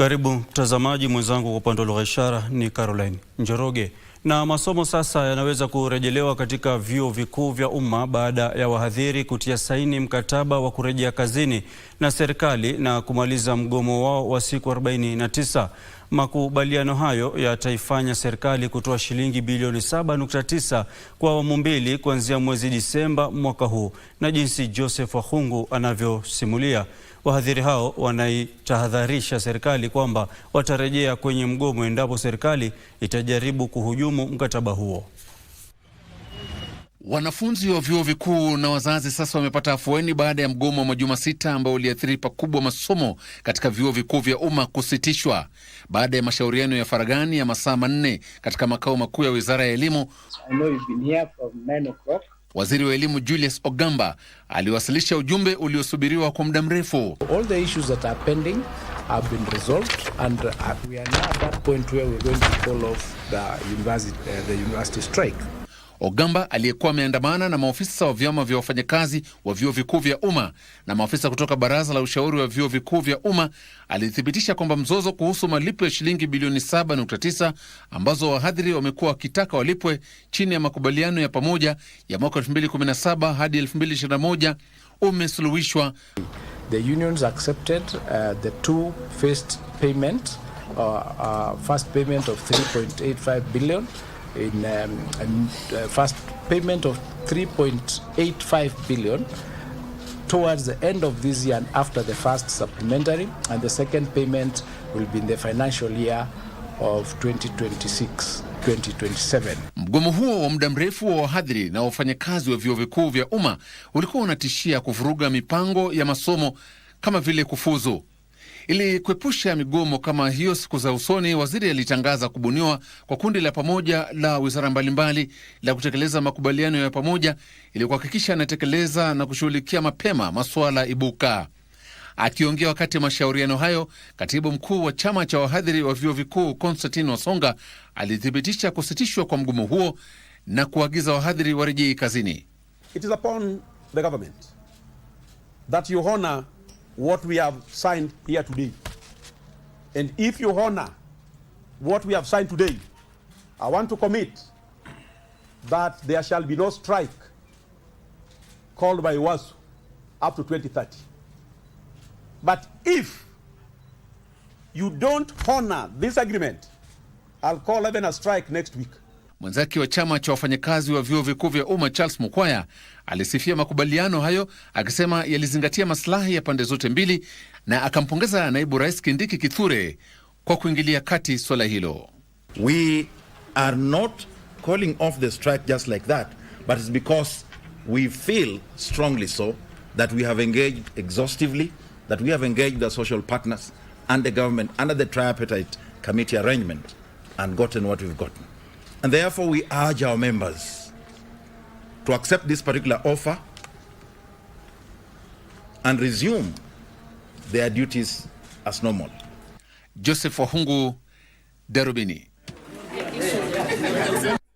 Karibu mtazamaji mwenzangu, kwa upande wa lugha ishara ni Caroline Njoroge. Na masomo sasa yanaweza kurejelewa katika vyuo vikuu vya umma baada ya wahadhiri kutia saini mkataba wa kurejea kazini na serikali na kumaliza mgomo wao wa siku 49. Makubaliano hayo yataifanya serikali kutoa shilingi bilioni 7.9 kwa awamu mbili kuanzia mwezi Disemba mwaka huu, na jinsi Joseph Wakhungu anavyosimulia, wahadhiri hao wanaitahadharisha serikali kwamba watarejea kwenye mgomo endapo serikali itajaribu kuhujumu kuheshimu mkataba huo. Wanafunzi wa vyuo vikuu na wazazi sasa wamepata afueni baada ya mgomo wa majuma sita ambao uliathiri pakubwa masomo katika vyuo vikuu vya umma kusitishwa baada ya mashauriano ya faragani ya masaa manne katika makao makuu ya wizara ya elimu. Waziri wa elimu Julius Ogamba aliwasilisha ujumbe uliosubiriwa kwa muda mrefu. All the issues that are pending have been resolved and uh, we are now at that point where we're going to call off the university, uh, the university strike. Ogamba aliyekuwa ameandamana na maofisa wa vyama vya wafanyakazi wa vyuo vikuu vya umma na maofisa kutoka baraza la ushauri wa vyuo vikuu vya umma alithibitisha kwamba mzozo kuhusu malipo ya shilingi bilioni 7.9 ambazo wahadhiri wamekuwa wakitaka walipwe chini ya makubaliano ya pamoja ya mwaka 2017 hadi 2021 umesuluhishwa. The unions accepted uh, the two first payment uh, uh, first payment of 3.85 billion in um, and, uh, first payment of 3.85 billion towards the end of this year and after the first supplementary and the second payment will be in the financial year of 2026 2027 Mgomo huo wa muda mrefu wa wahadhiri na wafanyakazi wa vyuo vikuu vya umma ulikuwa unatishia kuvuruga mipango ya masomo kama vile kufuzu. Ili kuepusha migomo kama hiyo siku za usoni, waziri alitangaza kubuniwa kwa kundi la pamoja la wizara mbalimbali la kutekeleza makubaliano ya pamoja ili kuhakikisha anatekeleza na kushughulikia mapema masuala ibuka. Akiongea wakati wa mashauriano hayo, katibu mkuu wa chama cha wahadhiri wa vyuo vikuu Konstantin Wasonga alithibitisha kusitishwa kwa mgomo huo na kuagiza wahadhiri warejee kazini. It is upon the government that you honor what we have signed here today. And if you honor what we have signed today, I want to commit that there shall be no strike called by WASU up to 2030. But if you don't honor this agreement, I'll call even a strike next week. Mwenzake wa chama cha wafanyakazi wa vyuo vikuu vya umma Charles Mukwaya alisifia makubaliano hayo akisema yalizingatia maslahi ya pande zote mbili na akampongeza naibu rais Kindiki Kithure kwa kuingilia kati swala hilo. We are not calling off the strike just like that, but it's because we feel strongly so that we have engaged exhaustively that we have engaged the social partners and the government under the tripartite committee arrangement and gotten what we've gotten. And therefore, we urge our members to accept this particular offer and resume their duties as normal. Joseph Wahungu, Derubini.